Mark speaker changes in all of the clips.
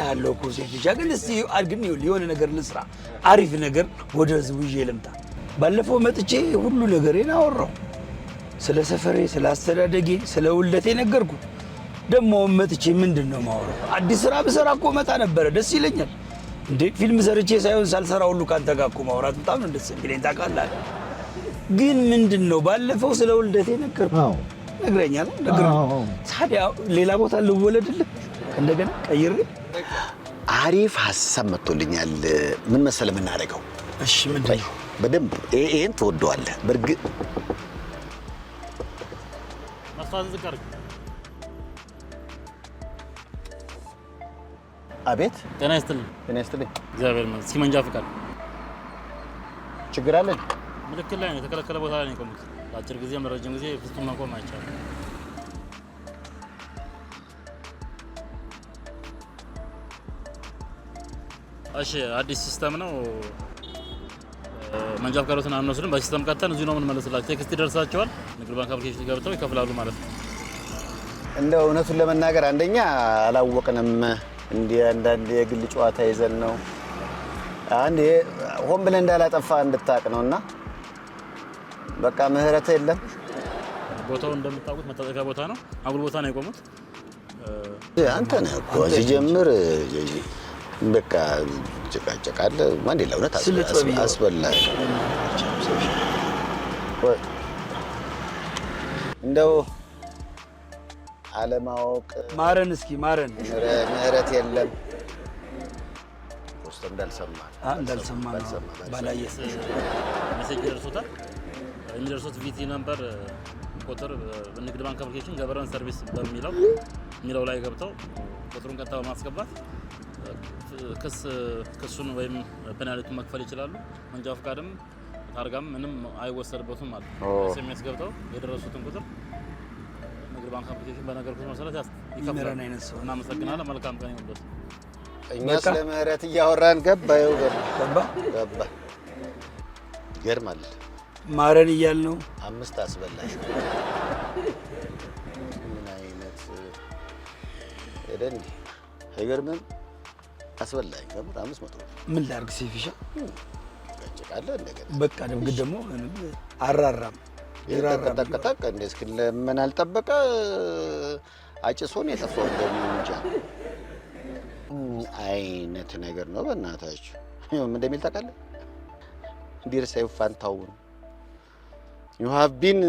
Speaker 1: እልሃለሁ እኮ ሴት ልጅ ግን እስቲ አድግን የሆነ ነገር ልስራ፣ አሪፍ ነገር ወደ ህዝቡ ይዤ ልምጣ። ባለፈው መጥቼ ሁሉ ነገሬን አወራው። ስለ ሰፈሬ፣ ስለ አስተዳደጌ፣ ስለ ውልደቴ ነገርኩ። ደግሞ መጥቼ ምንድን ነው ማወራው? አዲስ ስራ ብሰራ እኮ መጣ ነበረ፣ ደስ ይለኛል። እንደ ፊልም ሰርቼ ሳይሆን ሳልሰራ ሁሉ ካንተ ጋር እኮ ማውራት በጣም ነው ደስ የሚለኝ ታውቃለህ። ግን ምንድን ነው ባለፈው ስለ ውልደቴ ነገርኩ፣ ነግረኛል። ታዲያ ሌላ ቦታ ልወለድልህ እንደገና ቀይሬ
Speaker 2: አሪፍ ሀሳብ መጥቶልኛል። ምን መሰለህ የምናደርገው?
Speaker 1: እሺ ምንድን ነው?
Speaker 2: በደንብ ይሄን ትወደዋለህ። በእርግጥ አቤት። ጤና ይስጥልኝ። ጤና ይስጥልኝ።
Speaker 3: እግዚአብሔር ይመስገን። ሲመንጃ ፍቃድ ችግር አለን። ምልክት ላይ ነው፣ የተከለከለ ቦታ ላይ ነው የቆሙት። ለአጭር ጊዜ ለረጅም ጊዜ ፍጹም መቆም አይቻልም። እሺ አዲስ ሲስተም ነው። መንጃ ፍቃዶትን አንወስድም፣ በሲስተም ቀጥተን እዚሁ ነው የምንመልስላቸው። ቴክስት ይደርሳቸዋል። ንግድ ባንክ አፕሊኬሽን ገብተው ይከፍላሉ ማለት ነው።
Speaker 2: እንደው እውነቱን ለመናገር አንደኛ አላወቅንም። እንዲህ አንዳንድ የግል ጨዋታ ይዘን ነው አንድ ሆን ብለህ እንዳላጠፋ እንድታቅ ነው እና በቃ ምህረት የለም።
Speaker 3: ቦታው እንደምታውቁት መታጠቂያ ቦታ ነው፣ አጉል ቦታ ነው የቆሙት።
Speaker 2: አንተ ነህ እኮ ሲጀምር በቃ ጭቃጭቃል። ማንዴላ እውነት አስበላል። እንደው አለማወቅ
Speaker 1: ማረን። እስኪ ማረን።
Speaker 2: ምህረት የለም ውስጥ እንዳልሰማ
Speaker 1: እንዳልሰማ ባላየ
Speaker 3: ሜሴጅ ደርሶታል። የሚደርሱት ቪቲ ነምበር ቁጥር ንግድ ባንክ አፕሊኬሽን ገበረን ሰርቪስ በሚለው የሚለው ላይ ገብተው ቁጥሩን ቀጥታ በማስገባት ክስ ክሱን ወይም ፔናልቲ መክፈል ይችላሉ። መንጃ ፈቃድም ታርጋም ምንም አይወሰድበትም ማለት ነው። ኤስኤምኤስ ገብተው የደረሱትን ቁጥር ንግድ ባንክ አፕሊኬሽን በነገርኩት መሰረት ይከፍላል። እናመሰግናለን። መልካም ቀን ይሁንልዎት።
Speaker 2: እኛ ስለ ምህረት እያወራን ገባ ይኸው ገባ ገባ። ይገርማል።
Speaker 1: ማረን እያል ነው።
Speaker 2: አምስት አስበላሽ ምን አይነት ሄደ እንዲህ አይገርምም። አስበላኝ ከምር አምስት መቶ
Speaker 1: ምን ላድርግ? ሴፊሻ ጭቃለ እንደገና በቃ ደግ ደግሞ አራራም
Speaker 2: ይራራጠቀጠቅ እንደ እስክለምን አልጠበቀ አጭሶን የጠፋው ደግሞ እንጃ አይነት ነገር ነው። በእናታችሁ ምን እንደሚል ታውቃለህ? ዲር ሰይፉ ፋንታውን ዩ ሃቭ ቢን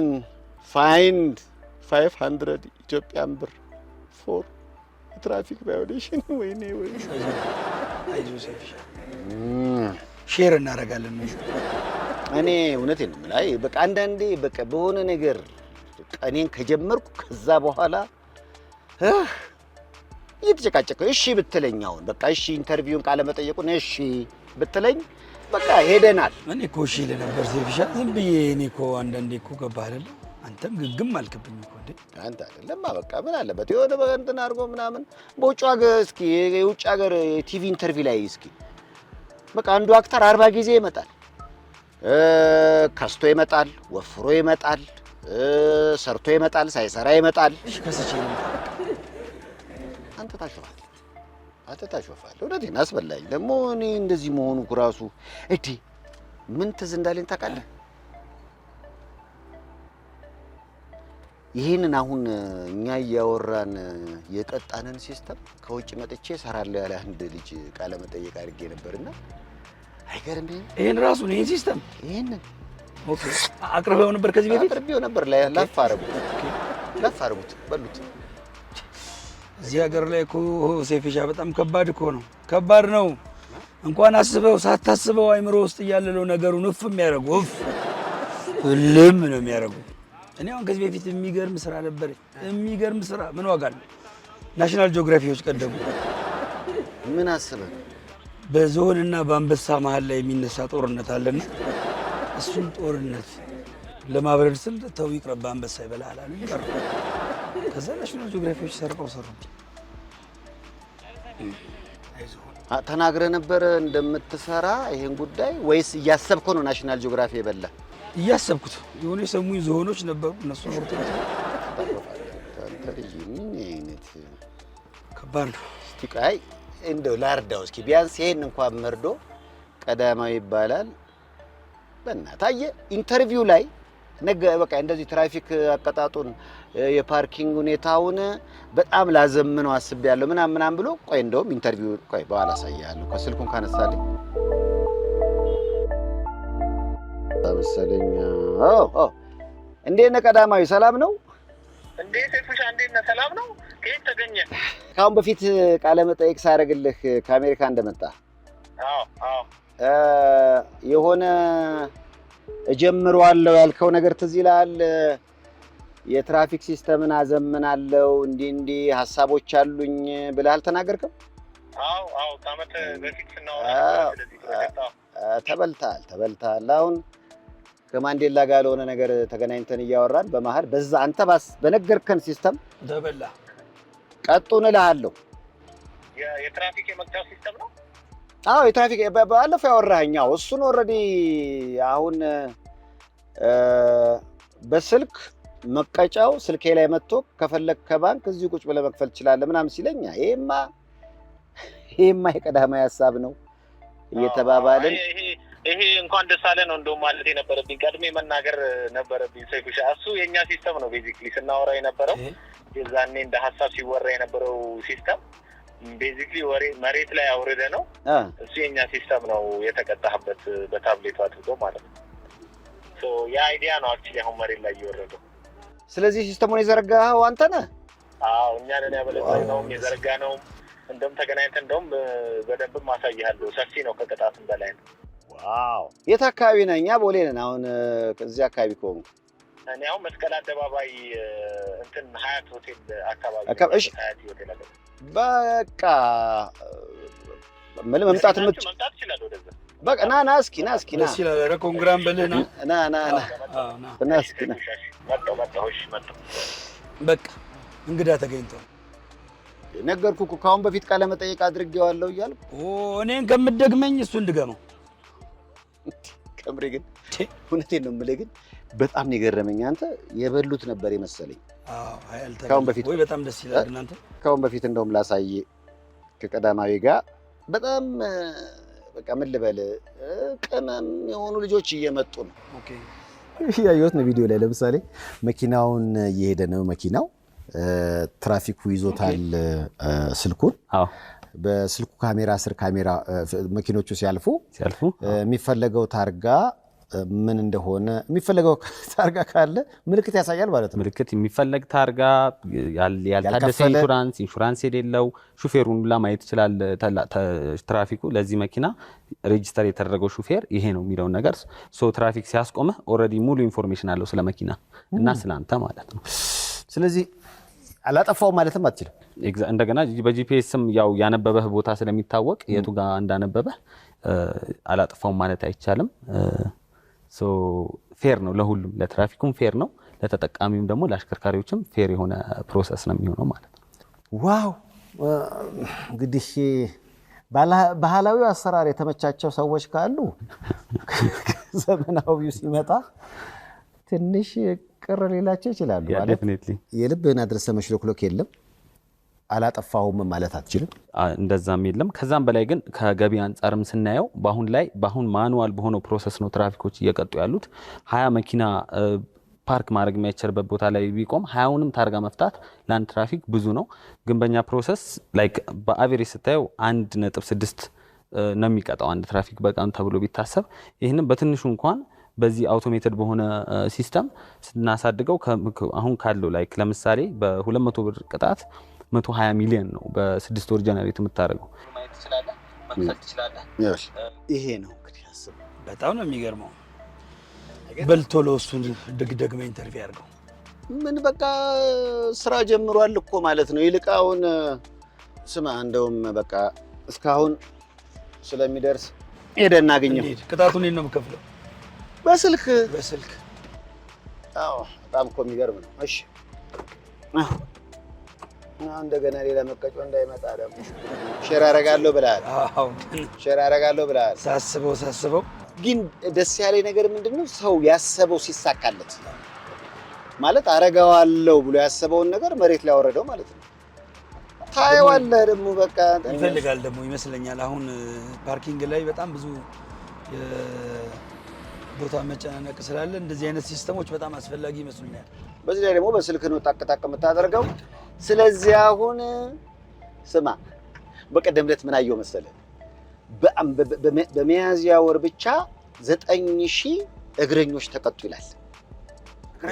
Speaker 2: ፋይንድ 500 ኢትዮጵያን ብር ፎር ትራፊክ ቫዮሌሽን ወይኔ ወይ
Speaker 1: ሼር እናደርጋለን።
Speaker 2: እኔ እውነቴን ነው የምልህ። አይ በቃ አንዳንዴ በቃ በሆነ ነገር ቀኔን ከጀመርኩ ከዛ በኋላ እየተጨቃጨቀ እሺ ብትለኝ አሁን በቃ እሺ ኢንተርቪውን ቃለ መጠየቁን እሺ ብትለኝ በቃ ሄደናል።
Speaker 1: እኔ እኮ እሺ ልነበር ሴፍሻ ዝም ብዬ እኔ እኮ አንዳንዴ እኮ ገባህ አይደለም አንተም ግግም አልክብኝ እኮ እንዴ!
Speaker 2: አንተ አይደለም በቃ ምን አለበት የሆነ በእንትን አድርጎ ምናምን በውጭ ሀገር እስኪ የውጭ ሀገር ቲቪ ኢንተርቪው ላይ እስኪ በቃ አንዱ አክተር አርባ ጊዜ ይመጣል፣ ከስቶ ይመጣል፣ ወፍሮ ይመጣል፣ ሰርቶ ይመጣል፣ ሳይሰራ ይመጣል። አንተ ታሾፋለህ፣ አንተ ታሾፋለህ። እውነቴን አስበላኝ ደግሞ እኔ እንደዚህ መሆኑ እራሱ እዴ ምን ትዝ እንዳለኝ ታውቃለህ? ይህንን አሁን እኛ እያወራን የጠጣንን ሲስተም ከውጭ መጥቼ እሰራለሁ ያለ አንድ ልጅ ቃለ መጠየቅ አድርጌ ነበርና አይገርም።
Speaker 1: ይህን ራሱ ይህን ሲስተም ይህንን አቅርቤው ነበር ከዚህ በፊት
Speaker 2: አቅርቤው ነበር። ላፍ አረጉት፣ ላፍ አረጉት፣ በሉት።
Speaker 1: እዚህ ሀገር ላይ እኮ ሴፊሻ በጣም ከባድ እኮ ነው፣ ከባድ ነው። እንኳን አስበው ሳታስበው አይምሮ ውስጥ እያለለው ነገሩን እፍ የሚያደርጉ እፍ እልም ነው የሚያደርጉ እኔ አሁን ከዚህ በፊት የሚገርም ስራ ነበር። የሚገርም ስራ ምን ዋጋ አለው? ናሽናል ጂኦግራፊዎች ቀደሙ። ምን አስበ በዝሆንና በአንበሳ መሀል ላይ የሚነሳ ጦርነት አለና እሱን ጦርነት ለማብረድ ስል ተው ይቅረብ፣ በአንበሳ ይበላል ከዛ ናሽናል ጂኦግራፊዎች ሰርቀው ሰሩ።
Speaker 2: ተናግረ ነበረ እንደምትሰራ ይህን ጉዳይ ወይስ እያሰብከው ነው? ናሽናል ጂኦግራፊ የበላ
Speaker 1: እያሰብኩት የሆነ የሰሙኝ ዝሆኖች ነበሩ። እነሱ ሞርት ከባድ ነው።
Speaker 2: እስቲ ቆይ እንደው ላርዳው እስኪ ቢያንስ ይሄን እንኳን መርዶ ቀዳማዊ ይባላል። በእናትህ አየህ ኢንተርቪው ላይ ነገ በቃ እንደዚህ ትራፊክ አቀጣጡን የፓርኪንግ ሁኔታውን በጣም ላዘምነው አስቤያለሁ ምናምን ምናምን ብሎ ቆይ እንደውም ኢንተርቪው ቆይ በኋላ አሳይሃለሁ ከስልኩን ካነሳልኝ መሰለኝ። እንዴት ነህ ቀዳማዊ? ሰላም ነው?
Speaker 4: እንዴት እንዴት ነህ? ሰላም ነው። ከየት ተገኘ?
Speaker 2: ከአሁን በፊት ቃለ መጠይቅ ሳደርግልህ ከአሜሪካ እንደመጣ የሆነ እጀምረዋለሁ ያልከው ነገር ትዝ ይልሃል? የትራፊክ ሲስተምን አዘምናለው እንዲህ እንዲህ ሀሳቦች አሉኝ ብለህ አልተናገርክም? ተበልተሃል፣ ተበልተሃል። አሁን ከማንዴላ ጋር ለሆነ ነገር ተገናኝተን እያወራን በመሀል በዛ አንተ ባስ በነገርከን ሲስተም ተበላ ቀጡን እልሃለሁ።
Speaker 4: የትራፊክ የመቅጫው ሲስተም ነው።
Speaker 2: አዎ የትራፊክ ባለፈው ያወራኸኝ እሱን ኦልሬዲ አሁን በስልክ መቀጫው ስልኬ ላይ መጥቶ ከፈለግ ከባንክ እዚሁ ቁጭ ብለህ መክፈል ትችላለህ ምናምን ሲለኛ ይሄማ ይሄማ የቀዳማዊ ሀሳብ ነው እየተባባልን
Speaker 4: ይሄ እንኳን ደስ አለ ነው እንደውም ማለት የነበረብኝ ቀድሜ መናገር ነበረብኝ። ሰይፉሻ እሱ የእኛ ሲስተም ነው ቤዚክሊ ስናወራ የነበረው የዛኔ እንደ ሀሳብ ሲወራ የነበረው ሲስተም ቤዚክሊ ወሬ መሬት ላይ አውርደ ነው እሱ የእኛ ሲስተም ነው የተቀጣህበት በታብሌቱ አድርጎ ማለት ነው። ያ አይዲያ ነው አክቹዋሊ አሁን መሬት ላይ እየወረደው።
Speaker 2: ስለዚህ ሲስተሙን የዘረጋኸው አንተ ነህ?
Speaker 4: አዎ እኛ ነን ያበለጸግነውም የዘረጋነውም። እንደውም ተገናኝተን እንደውም በደንብም አሳይሃለሁ። ሰፊ ነው ከቅጣትም በላይ ነው።
Speaker 2: ዋው! የት አካባቢ ነህ? እኛ ቦሌ ነን። አሁን እዚህ አካባቢ ከሆኑ
Speaker 4: እኔ አሁን መስቀል አደባባይ እንትን ሀያት ሆቴል
Speaker 2: አካባቢ በቃ ምን መምጣት ምት በቃ ና ና እስኪ ና እስኪ ኮንግራም ና ና ና ና እስኪ ና
Speaker 1: በቃ እንግዳ ተገኝቷል።
Speaker 2: ነገርኩህ እኮ ከአሁን በፊት ቃለ መጠየቅ አድርጌዋለሁ እያልኩ
Speaker 1: እኔን ከምትደግመኝ እሱ እንድገመው
Speaker 2: ከምሬ ግን እውነቴን ነው የምልህ፣ ግን በጣም የገረመኝ አንተ የበሉት ነበር የመሰለኝ። ከአሁን በፊት
Speaker 1: በጣም ደስ ይላል። እናንተ
Speaker 2: ከአሁን በፊት እንደውም ላሳይ ከቀዳማዊ ጋር በጣም በቃ ምን ልበል ቅመም የሆኑ ልጆች እየመጡ ነው ያየሁት ነው ቪዲዮ ላይ ለምሳሌ መኪናውን እየሄደ ነው መኪናው ትራፊኩ ይዞታል ስልኩን በስልኩ ካሜራ ስር ካሜራ መኪኖቹ ሲያልፉ የሚፈለገው ታርጋ ምን እንደሆነ የሚፈለገው ታርጋ ካለ ምልክት ያሳያል
Speaker 3: ማለት ነው። ምልክት የሚፈለግ ታርጋ፣ ያልታደሰ ኢንሹራንስ፣ ኢንሹራንስ የሌለው ሹፌሩን ሁላ ማየት ይችላል ትራፊኩ። ለዚህ መኪና ሬጅስተር የተደረገው ሹፌር ይሄ ነው የሚለውን ነገር ሶ ትራፊክ ሲያስቆመ ኦልሬዲ ሙሉ ኢንፎርሜሽን አለው ስለ መኪና እና ስለ አንተ ማለት ነው።
Speaker 2: ስለዚህ አላጠፋው ማለትም አትችልም።
Speaker 3: እንደገና በጂፒኤስም ያው ያነበበህ ቦታ ስለሚታወቅ የቱ ጋር እንዳነበበህ አላጠፋው ማለት አይቻልም። ፌር ነው ለሁሉም፣ ለትራፊኩም ፌር ነው፣ ለተጠቃሚውም ደግሞ ለአሽከርካሪዎችም ፌር የሆነ ፕሮሰስ ነው የሚሆነው ማለት ነው።
Speaker 2: ዋው እንግዲህ ባህላዊ አሰራር የተመቻቸው ሰዎች ካሉ ዘመናዊው ሲመጣ ትንሽ ቅር ሌላቸው ይችላሉ። የልብህን አድረስ መሽሎክሎክ የለም አላጠፋሁም ማለት አትችልም።
Speaker 3: እንደዛም የለም። ከዛም በላይ ግን ከገቢ አንጻርም ስናየው በአሁን ላይ በአሁን ማኑዋል በሆነው ፕሮሰስ ነው ትራፊኮች እየቀጡ ያሉት። ሀያ መኪና ፓርክ ማድረግ የሚያስችልበት ቦታ ላይ ቢቆም ሀያውንም ታርጋ መፍታት ለአንድ ትራፊክ ብዙ ነው። ግን በእኛ ፕሮሰስ ላይክ በአቬሬጅ ስታየው አንድ ነጥብ ስድስት ነው የሚቀጣው አንድ ትራፊክ በቀን ተብሎ ቢታሰብ ይህንም በትንሹ እንኳን በዚህ አውቶሜትድ በሆነ ሲስተም ስናሳድገው አሁን ካለው ላይክ ለምሳሌ በ200 ብር ቅጣት 120 ሚሊዮን ነው በስድስት ወር ጀነሬት የምታደርገው።
Speaker 2: ይሄ ነው እንግዲህ
Speaker 1: በጣም ነው የሚገርመው። በልቶ ለውሱን ድግደግ ኢንተርቪ ያርገው
Speaker 2: ምን በቃ ስራ ጀምሯል እኮ ማለት ነው። አሁን ስማ፣ እንደውም በቃ እስካሁን ስለሚደርስ
Speaker 1: ሄደ እናገኘው። ቅጣቱን ነው የምከፍለው በስልክ በስልክ
Speaker 2: አዎ፣ በጣም እኮ የሚገርም ነው። እሺ፣ እንደገና ሌላ መቀጮ እንዳይመጣ ደግሞ ሼር አደርጋለሁ ብለሃል። አዎ፣ ሼር አደርጋለሁ ብለሃል።
Speaker 1: ሳስበው ሳስበው
Speaker 2: ግን ደስ ያለኝ ነገር ምንድን ነው፣ ሰው ያሰበው ሲሳካለት ማለት አረጋዋለሁ ብሎ ያሰበውን ነገር መሬት ላይ አወረደው ማለት ነው። ታየዋለህ ደግሞ በቃ
Speaker 1: ይፈልጋል ደግሞ ይመስለኛል። አሁን ፓርኪንግ ላይ በጣም ብዙ ቦታ መጨናነቅ ስላለ እንደዚህ አይነት ሲስተሞች በጣም አስፈላጊ ይመስሉኛል።
Speaker 2: በዚህ ላይ ደግሞ በስልክ ነው ጣቅጣቅ የምታደርገው። ስለዚህ አሁን ስማ፣ በቀደም ዕለት ምን አየው መሰለህ? በሚያዝያ ወር ብቻ ዘጠኝ ሺህ እግረኞች ተቀጡ ይላል።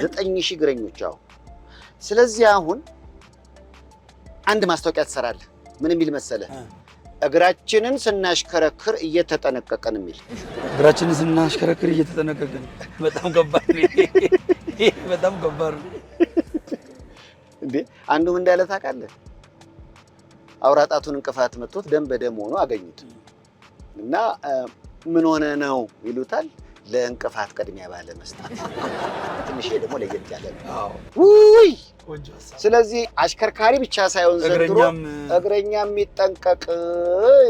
Speaker 2: ዘጠኝ ሺህ እግረኞች። አዎ። ስለዚህ አሁን አንድ ማስታወቂያ ትሰራለህ። ምን የሚል መሰለህ እግራችንን ስናሽከረክር እየተጠነቀቀን የሚል
Speaker 1: እግራችንን ስናሽከረክር እየተጠነቀቀን በጣም ገባር በጣም ገባር
Speaker 2: እንዴ! አንዱም እንዳለ ታውቃለህ፣ አውራጣቱን እንቅፋት መጥቶት ደም በደም ሆኖ አገኙት እና ምን ሆነ ነው ይሉታል ለእንቅፋት ቅድሚያ ባለመስጣት ትንሽ ደግሞ ለየት ያለ ውይ። ስለዚህ አሽከርካሪ ብቻ ሳይሆን ዘንድሮ እግረኛ የሚጠንቀቅ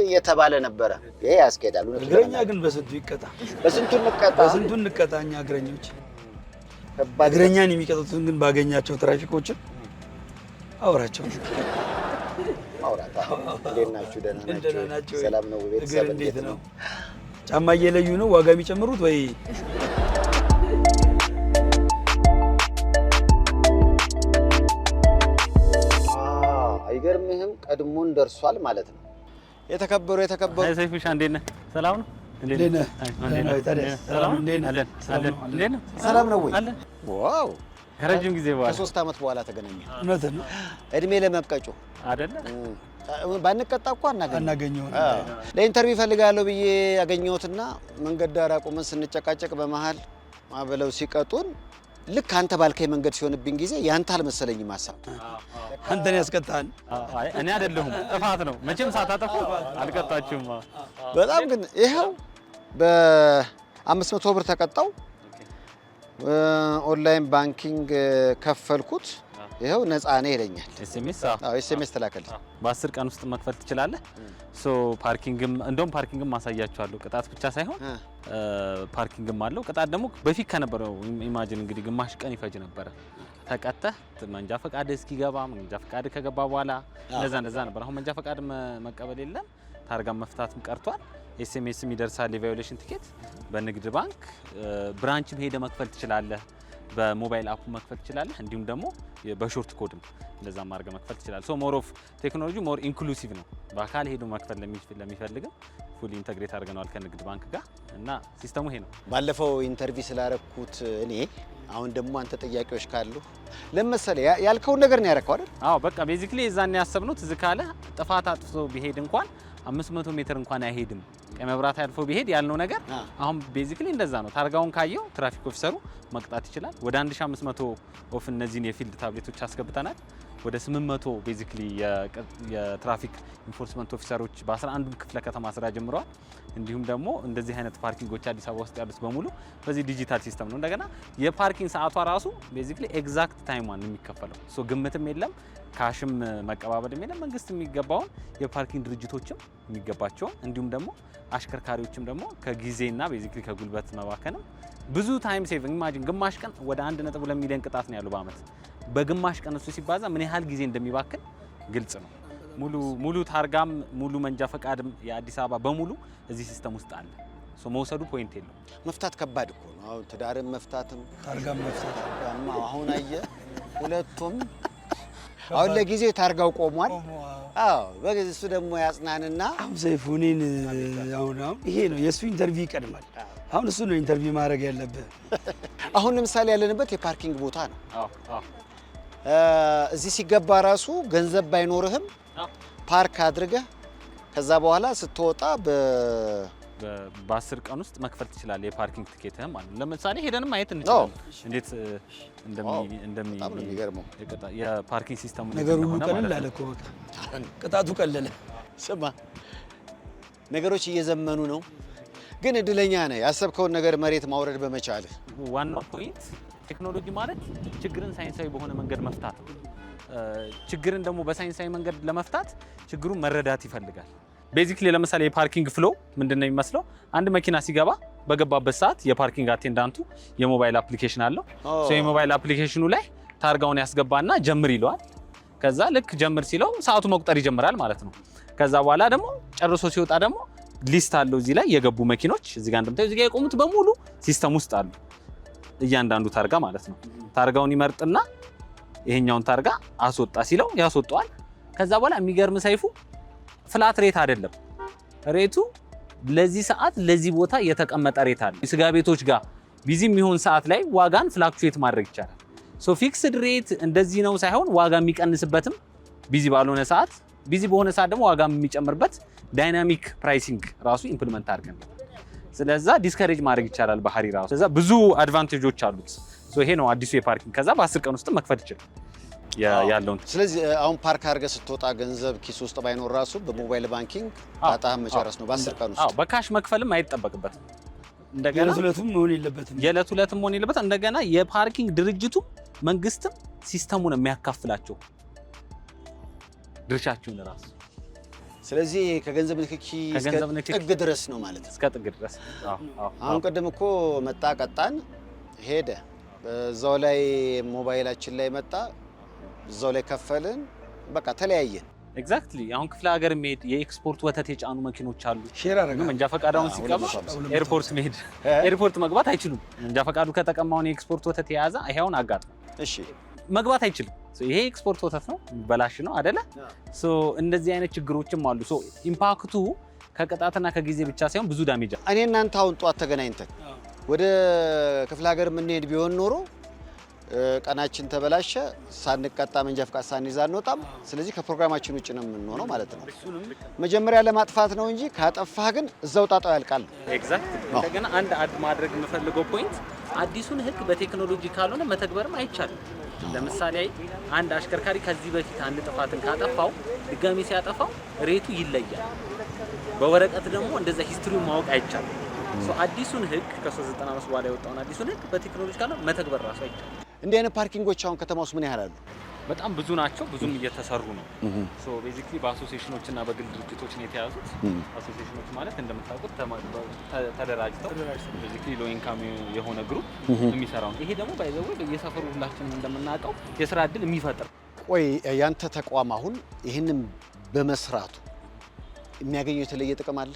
Speaker 2: እየተባለ ነበረ። ይሄ ያስኬዳሉ።
Speaker 1: እግረኛ ግን በስንቱ ይቀጣ፣
Speaker 2: በስንቱ እንቀጣ፣
Speaker 1: በስንቱ እንቀጣ። እኛ እግረኞች እግረኛን የሚቀጡትን ግን ባገኛቸው ትራፊኮችን አውራቸው
Speaker 2: ማውራት። እንዴት ናችሁ? ደህና ናችሁ? ሰላም ነው
Speaker 1: ቤተሰብ? እንዴት ነው? ጫማ እየለዩ ነው ዋጋ የሚጨምሩት ወይ?
Speaker 2: አይገርምህም? ቀድሞን ደርሷል ማለት ነው። የተከበሩ የተከበሩ
Speaker 3: ሰይፉሻ እንዴት ነህ? ሰላም ነው?
Speaker 2: ሰላም ነው ወይ? ዋው ከረጅም ጊዜ በኋላ ከሶስት ዓመት በኋላ ተገናኘ። እውነት ነው። እድሜ ለመብቀጩ አይደለ? ባንቀጣ እኮ አናገኘው። ለኢንተርቪው ይፈልጋለሁ ብዬ ያገኘሁትና መንገድ ዳር አቁመን ስንጨቃጨቅ በመሀል ማበለው ሲቀጡን ልክ አንተ ባልከኝ መንገድ ሲሆንብኝ ጊዜ ያንተ አልመሰለኝ ማሳብ
Speaker 1: አንተን ያስቀጣል።
Speaker 3: እኔ አይደለሁም ጥፋት ነው። መቼም ሳታጠፉ አልቀጣችሁም።
Speaker 2: በጣም ግን ይኸው በአምስት መቶ ብር ተቀጣው። ኦንላይን ባንኪንግ ከፈልኩት ይኸው ነፃ ነህ ይለኛል። ኤስኤምኤስ ተላከልኝ።
Speaker 3: በአስር ቀን ውስጥ መክፈል ትችላለህ። ፓርኪንግም እንደውም ፓርኪንግም ማሳያችኋለሁ። ቅጣት ብቻ ሳይሆን ፓርኪንግም አለው። ቅጣት ደግሞ በፊት ከነበረው ኢማጂን እንግዲህ ግማሽ ቀን ይፈጅ ነበረ። ተቀተህ መንጃ ፈቃድ እስኪገባ መንጃ ፈቃድ ከገባ በኋላ እንደዛ እንደዛ ነበር። አሁን መንጃ ፈቃድ መቀበል የለም ታርጋ መፍታትም ቀርቷል። ኤስኤምኤስ የሚደርሳል የቫዮሌሽን ቲኬት በንግድ ባንክ ብራንችም ሄደ መክፈል ትችላለህ። በሞባይል አፕ መክፈል ትችላለህ። እንዲሁም ደግሞ በሾርት ኮድም እንደዛ ማድረግ መክፈል ትችላለህ። ሶ ሞር ኦፍ ቴክኖሎጂ ሞር ኢንክሉሲቭ ነው። በአካል ሄዶ መክፈል ለሚፈልግም ፉል ኢንተግሬት አድርገነዋል ከንግድ ባንክ ጋር እና ሲስተሙ ይሄ ነው።
Speaker 2: ባለፈው ኢንተርቪው ስላረኩት እኔ አሁን ደግሞ አንተ ጥያቄዎች ካሉ ለምሳሌ ያልከውን ነገር ነው ያረከው አይደል?
Speaker 3: አዎ በቃ ቤዚክሊ የዛን ያሰብነው ትዝ ካለ ጥፋት አጥፍቶ ቢሄድ እንኳን 500 ሜትር እንኳን አይሄድም መብራት አልፎ ቢሄድ ያልነው ነገር አሁን ቤዚክሊ እንደዛ ነው። ታርጋውን ካየው ትራፊክ ኦፊሰሩ መቅጣት ይችላል። ወደ 1500 ኦፍ እነዚህን የፊልድ ታብሌቶች አስገብተናል። ወደ 800 ቤዚክሊ የትራፊክ ኢንፎርስመንት ኦፊሰሮች በ11ዱም ክፍለ ከተማ ስራ ጀምረዋል። እንዲሁም ደግሞ እንደዚህ አይነት ፓርኪንጎች አዲስ አበባ ውስጥ ያሉት በሙሉ በዚህ ዲጂታል ሲስተም ነው። እንደገና የፓርኪንግ ሰዓቷ ራሱ ቤዚክሊ ኤግዛክት ታይሟን የሚከፈለው ሶ ግምትም የለም፣ ካሽም መቀባበልም የለም። መንግስት የሚገባውን የፓርኪንግ ድርጅቶችም የሚገባቸውን እንዲሁም ደግሞ አሽከርካሪዎችም ደግሞ ከጊዜና ቤዚክሊ ከጉልበት መባከንም ብዙ ታይም ሴቪንግ ኢማጂን ግማሽ ቀን ወደ 1.2 ሚሊዮን ቅጣት ነው ያለው በአመት በግማሽ ቀን እሱ ሲባዛ ምን ያህል ጊዜ እንደሚባክን ግልጽ ነው። ሙሉ ሙሉ ታርጋም ሙሉ መንጃ ፈቃድም የአዲስ አበባ በሙሉ እዚህ ሲስተም ውስጥ አለ። መውሰዱ ፖይንት የለው።
Speaker 2: መፍታት ከባድ እኮ ነው። አሁን ትዳርም መፍታትም
Speaker 1: ታርጋም መፍታትም
Speaker 2: አሁን አየ ሁለቱም አሁን ለጊዜው ታርጋው ቆሟል። አዎ በጊዜ እሱ ደግሞ ያጽናንና
Speaker 1: አሁን ሰይፉ እኔን አሁን አሁን ይሄ ነው የእሱ ኢንተርቪው ይቀድማል። አሁን እሱ ነው ኢንተርቪው ማድረግ ያለብህ።
Speaker 2: አሁን ለምሳሌ ያለንበት የፓርኪንግ ቦታ ነው። እዚህ ሲገባ ራሱ ገንዘብ ባይኖርህም ፓርክ አድርገህ ከዛ በኋላ ስትወጣ
Speaker 3: በአስር ቀን ውስጥ መክፈል ትችላለህ። የፓርኪንግ ትኬትህም አለ። ለምሳሌ ሄደን ማየት እንችላለን፣ እንዴት እንደሚ የፓርኪንግ ሲስተሙ
Speaker 1: ነገር ሁሉ ቀለል አለ እኮ ቅጣቱ ቀለለ።
Speaker 2: ስማ ነገሮች እየዘመኑ ነው፣ ግን እድለኛ ነህ ያሰብከውን ነገር መሬት ማውረድ በመቻልህ
Speaker 3: ዋናው ፖይንት ቴክኖሎጂ ማለት ችግርን ሳይንሳዊ በሆነ መንገድ መፍታት ነው። ችግርን ደግሞ በሳይንሳዊ መንገድ ለመፍታት ችግሩን መረዳት ይፈልጋል። ቤዚክሊ ለምሳሌ የፓርኪንግ ፍሎ ምንድን ነው የሚመስለው? አንድ መኪና ሲገባ በገባበት ሰዓት የፓርኪንግ አቴንዳንቱ የሞባይል አፕሊኬሽን አለው። የሞባይል አፕሊኬሽኑ ላይ ታርጋውን ያስገባና ጀምር ይለዋል። ከዛ ልክ ጀምር ሲለው ሰዓቱ መቁጠር ይጀምራል ማለት ነው። ከዛ በኋላ ደግሞ ጨርሶ ሲወጣ ደግሞ ሊስት አለው እዚህ ላይ የገቡ መኪኖች እዚጋ እንደምታዩ እዚጋ የቆሙት በሙሉ ሲስተም ውስጥ አሉ። እያንዳንዱ ታርጋ ማለት ነው። ታርጋውን ይመርጥና ይሄኛውን ታርጋ አስወጣ ሲለው ያስወጣዋል። ከዛ በኋላ የሚገርም ሰይፉ ፍላት ሬት አይደለም ሬቱ ለዚህ ሰዓት ለዚህ ቦታ የተቀመጠ ሬት አለ። ስጋ ቤቶች ጋር ቢዚ የሚሆን ሰዓት ላይ ዋጋን ፍላክቹዌት ማድረግ ይቻላል። ሶ ፊክስድ ሬት እንደዚህ ነው ሳይሆን ዋጋ የሚቀንስበትም ቢዚ ባልሆነ ሰዓት ቢዚ በሆነ ሰዓት ደግሞ ዋጋ የሚጨምርበት ዳይናሚክ ፕራይሲንግ ራሱ ኢምፕሊመንት አድርገን ስለዛ ዲስከሬጅ ማድረግ ይቻላል ባህሪ ራሱ። ስለዛ ብዙ አድቫንቴጆች አሉት። ይሄ ነው አዲሱ የፓርኪንግ። ከዛ በአስር ቀን ውስጥ መክፈት ይችላል ያለውን
Speaker 2: ስለዚህ አሁን ፓርክ አድርገህ ስትወጣ ገንዘብ ኪስ ውስጥ ባይኖር ራሱ በሞባይል ባንኪንግ ጣጣህን መጨረስ ነው በአስር ቀን
Speaker 3: ውስጥ። በካሽ መክፈልም አይጠበቅበትም።
Speaker 1: እንደገና መሆን የለበትም
Speaker 3: የዕለት ዕለትም መሆን የለበትም። እንደገና የፓርኪንግ ድርጅቱ መንግስትም ሲስተሙን የሚያካፍላቸው ድርሻችሁን ራሱ
Speaker 2: ስለዚህ ከገንዘብ ንክኪ ጥግ ድረስ ነው ማለት
Speaker 3: ነው። እስከ ጥግ ድረስ።
Speaker 2: አሁን ቅድም እኮ መጣ፣ ቀጣን፣ ሄደ። በዛው ላይ ሞባይላችን ላይ መጣ፣ እዛው ላይ ከፈልን፣ በቃ ተለያየን።
Speaker 3: ኤግዛክትሊ። አሁን ክፍለ ሀገር መሄድ የኤክስፖርት ወተት የጫኑ መኪኖች አሉ። መንጃ ፈቃዳውን አሁን ሲቀማ ኤርፖርት መሄድ ኤርፖርት መግባት አይችሉም። መንጃ ፈቃዱ ከተቀማውን የኤክስፖርት ወተት የያዘ ይሄውን አጋጥሞ እሺ መግባት አይችልም። ይሄ ኤክስፖርት ወተት ነው፣ በላሽ ነው አደለ? እንደዚህ አይነት ችግሮችም አሉ። ኢምፓክቱ ከቅጣትና ከጊዜ ብቻ ሳይሆን ብዙ ዳሜጃ።
Speaker 2: እኔ እናንተ አሁን ጠዋት ተገናኝተን ወደ ክፍለ ሀገር የምንሄድ ቢሆን ኖሮ ቀናችን ተበላሸ፣ ሳንቀጣ መንጃ ፍቃድ ሳንይዝ አንወጣም። ስለዚህ ከፕሮግራማችን ውጭ ነው የምንሆነው ማለት ነው። መጀመሪያ ለማጥፋት ነው እንጂ ካጠፋህ ግን እዛው ጣጣው ያልቃል።
Speaker 3: ኤግዛክት። እንደገና አንድ ማድረግ የምፈልገው ፖይንት አዲሱን ህግ በቴክኖሎጂ ካልሆነ መተግበርም አይቻልም። ለምሳሌ አንድ አሽከርካሪ ከዚህ በፊት አንድ ጥፋትን ካጠፋው ድጋሚ ሲያጠፋው ሬቱ ይለያል። በወረቀት ደግሞ እንደዛ ሂስትሪውን ማወቅ አይቻልም። አዲሱን ህግ ከ395 በኋላ የወጣውን አዲሱን ህግ በቴክኖሎጂ ካልሆነ መተግበር ራሱ አይቻልም።
Speaker 2: እንዲህ አይነት ፓርኪንጎች አሁን ከተማ ውስጥ ምን ያህል አሉ?
Speaker 3: በጣም ብዙ ናቸው። ብዙም እየተሰሩ ነው። ሶ ቤዚክሊ በአሶሲዬሽኖች እና በግል ድርጅቶች ነው የተያዙት። አሶሲሽኖች ማለት እንደምታውቁት ተደራጅተው ቤዚክሊ ሎ ኢንካም የሆነ ግሩፕ የሚሰራው ነው። ይሄ ደግሞ ባይዘወ እየሰፈሩ ሁላችንም እንደምናውቀው የስራ እድል የሚፈጥር
Speaker 2: ቆይ ያንተ ተቋም አሁን ይህንን በመስራቱ የሚያገኘው የተለየ ጥቅም አለ?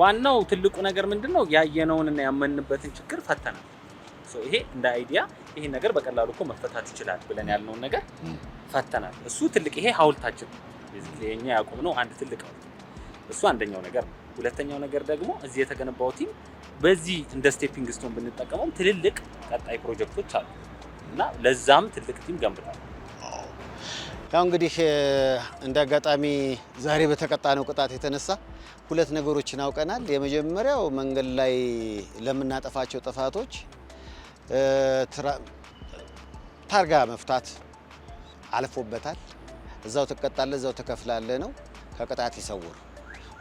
Speaker 3: ዋናው ትልቁ ነገር ምንድን ነው? ያየነውን እና ያመንበትን ችግር ፈተናል። ይሄ እንደ አይዲያ ይሄን ነገር በቀላሉ እኮ መፈታት ይችላል ብለን ያልነውን ነገር ፈተናል። እሱ ትልቅ ይሄ ሀውልታችን የኛ ያቆም ነው አንድ ትልቅ ሀውልት። እሱ አንደኛው ነገር ነው። ሁለተኛው ነገር ደግሞ እዚህ የተገነባው ቲም በዚህ እንደ ስቴፒንግ ስቶን ብንጠቀመው ትልልቅ ቀጣይ ፕሮጀክቶች አሉ እና ለዛም ትልቅ ቲም ገንብታል።
Speaker 2: ያው እንግዲህ እንደ አጋጣሚ ዛሬ በተቀጣነው ቅጣት የተነሳ ሁለት ነገሮችን አውቀናል። የመጀመሪያው መንገድ ላይ ለምናጠፋቸው ጥፋቶች ታርጋ መፍታት አልፎበታል። እዛው ትቀጣለ፣ እዛው ትከፍላለ ነው። ከቅጣት ይሰውር።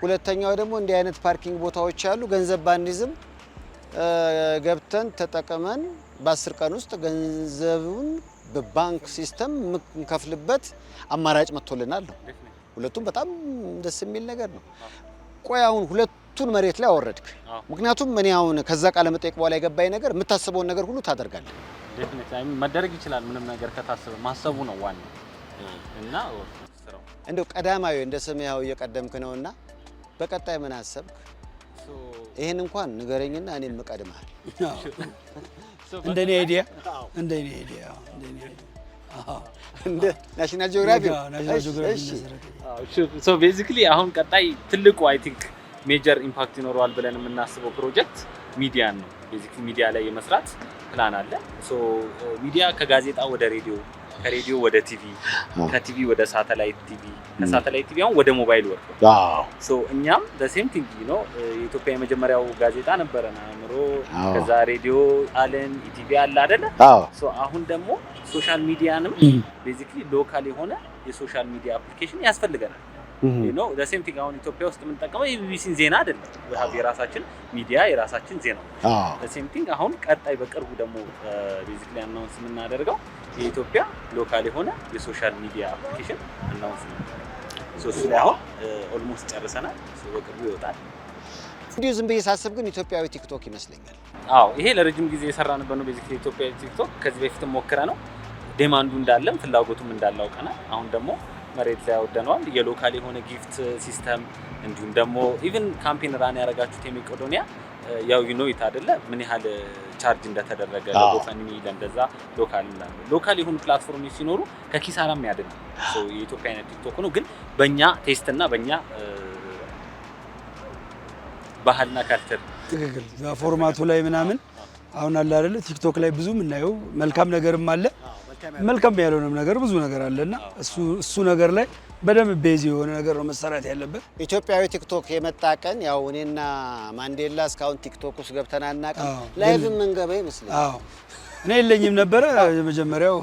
Speaker 2: ሁለተኛው ደግሞ እንዲህ አይነት ፓርኪንግ ቦታዎች አሉ። ገንዘብ ባንዲዝም ገብተን ተጠቅመን በአስር ቀን ውስጥ ገንዘቡን በባንክ ሲስተም የምንከፍልበት አማራጭ መጥቶልናል ነው። ሁለቱም በጣም ደስ የሚል ነገር ነው። ቆይ አሁን ሁለቱ ሁለቱን መሬት ላይ አወረድክ። ምክንያቱም እኔ አሁን ከዛ ቃለ መጠየቅ በኋላ የገባኝ ነገር የምታስበውን ነገር ሁሉ ታደርጋለህ።
Speaker 3: መደረግ ይችላል ምንም ነገር ከታስበ ማሰቡ ነው ዋና እና
Speaker 2: እንደው ቀዳማዊ እንደ ሰማያዊ እየቀደምክ ነውና በቀጣይ ምን አሰብክ? ይሄን እንኳን ንገረኝና እኔም እቀድምሃል።
Speaker 1: እንደኔ አይዲያ እንደኔ አይዲያ እንደኔ እንደ ናሽናል ጂኦግራፊ
Speaker 2: ናሽናል ጂኦግራፊ።
Speaker 3: ሶ ቤዚክሊ አሁን ቀጣይ ትልቁ አይ ቲንክ ሜጀር ኢምፓክት ይኖረዋል ብለን የምናስበው ፕሮጀክት ሚዲያን ነው። ቤዚክሊ ሚዲያ ላይ የመስራት ፕላን አለ። ሶ uh, ሚዲያ ከጋዜጣ ወደ ሬዲዮ፣ ከሬዲዮ ወደ ቲቪ፣ ከቲቪ ወደ ሳተላይት ቲቪ፣ ከሳተላይት ቲቪ አሁን ወደ ሞባይል ወርዷል። ሶ እኛም በሴም ቲንግ ነው። የኢትዮጵያ የመጀመሪያው ጋዜጣ ነበረን አእምሮ፣ ከዛ ሬዲዮ አለን፣ ኢቲቪ አለ አደለ? አሁን ደግሞ ሶሻል ሚዲያንም ቤዚክሊ ሎካል የሆነ የሶሻል ሚዲያ አፕሊኬሽን ያስፈልገናል። ሴም ቲንግ አሁን ኢትዮጵያ ውስጥ የምንጠቀመው የቢቢሲን ዜና አይደለም። የራሳችን ሚዲያ የራሳችን ዜና ሴም ቲንግ አሁን ቀጣይ በቅርቡ ደግሞ ቤዚክሊ uh, አናውንስ የምናደርገው የኢትዮጵያ ሎካል የሆነ የሶሻል ሚዲያ አፕሊኬሽን አናውንስ እሱ ላይ አሁን ኦልሞስት uh, ጨርሰናል። በቅርቡ ይወጣል።
Speaker 2: እንዲሁ ዝም ብዬ ሳስብ ግን ኢትዮጵያዊ ቲክቶክ ይመስለኛል።
Speaker 3: አዎ ይሄ ለረጅም ጊዜ የሰራንበት ነው። ቤዚክሊ ኢትዮጵያዊ ቲክቶክ ከዚህ በፊትም ሞክረ ነው ዴማንዱ እንዳለም ፍላጎቱም እንዳላውቀናል አሁን ደግሞ መሬት ላይ ያወደነዋል። የሎካል የሆነ ጊፍት ሲስተም እንዲሁም ደግሞ ኢቭን ካምፔን ራን ያደረጋችሁት የመቄዶንያ ያው ዩኖ ይት አይደለ ምን ያህል ቻርጅ እንደተደረገ ለጎፈንሚ ለእንደዛ ሎካል ላለ ሎካል የሆኑ ፕላትፎርሞች ሲኖሩ ከኪሳራም ያድናል። የኢትዮጵያ አይነት ቲክቶክ ነው። ግን በእኛ ቴስት እና በእኛ ባህልና ካልቸር
Speaker 1: ትክክል ፎርማቱ ላይ ምናምን አሁን አለ አይደለ ቲክቶክ ላይ ብዙ የምናየው መልካም ነገርም አለ መልካም ያልሆነም ነገር ብዙ ነገር አለና እሱ ነገር ላይ በደንብ ቤዝ የሆነ ነገር ነው መሰራት ያለበት።
Speaker 2: ኢትዮጵያዊ ቲክቶክ የመጣ ቀን ያው እኔና ማንዴላ እስካሁን ቲክቶክ ውስጥ ገብተን አናውቅም። ላይቭ የምንገባ
Speaker 1: ይመስለኛል። እኔ የለኝም ነበረ የመጀመሪያው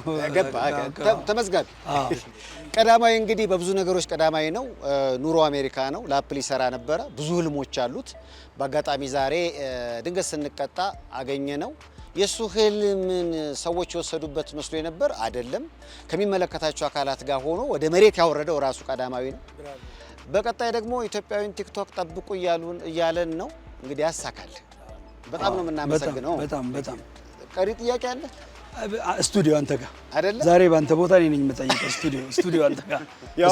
Speaker 2: ተመዝጋቢ ቀዳማዊ እንግዲህ በብዙ ነገሮች ቀዳማዊ ነው። ኑሮ አሜሪካ ነው። ለአፕል ይሰራ ነበረ። ብዙ ህልሞች አሉት። በአጋጣሚ ዛሬ ድንገት ስንቀጣ አገኘ ነው። የእሱ ህልምን ሰዎች የወሰዱበት መስሎ የነበር አይደለም። ከሚመለከታቸው አካላት ጋር ሆኖ ወደ መሬት ያወረደው ራሱ ቀዳማዊ ነው። በቀጣይ ደግሞ ኢትዮጵያዊን ቲክቶክ ጠብቁ እያለን ነው። እንግዲህ ያሳካል። በጣም ነው የምናመሰግነው። በጣም በጣም ቀሪ ጥያቄ አለ።
Speaker 1: ስቱዲዮ አንተ ጋር አይደለ? ዛሬ ባንተ ቦታ እኔ ነኝ የምጠይቀው። ስቱዲዮ ስቱዲዮ አንተ ጋር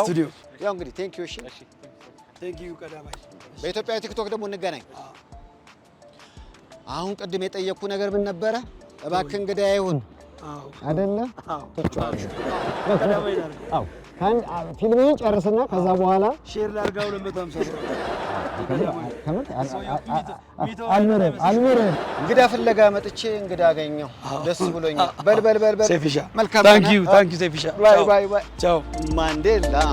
Speaker 2: ስቱዲዮ። ያው እንግዲህ ቴንክ ዩ። እሺ
Speaker 1: ቴንክ ዩ ቀዳማዊ።
Speaker 2: በኢትዮጵያ ቲክቶክ ደግሞ እንገናኝ። አሁን ቅድም የጠየቅኩ ነገር ምን ነበረ? እባክህ እንግዳ ይሁን አደለ? ፊልምህን ጨርስና ከዛ በኋላ ሼር ላርጋው አልምርም። እንግዳ ፍለጋ መጥቼ እንግዳ አገኘው፣ ደስ ብሎኛል። በልበልበልበል።
Speaker 1: መልካም ታንኪዩ ታንኪዩ። ሴፊሻ
Speaker 2: ማንዴላ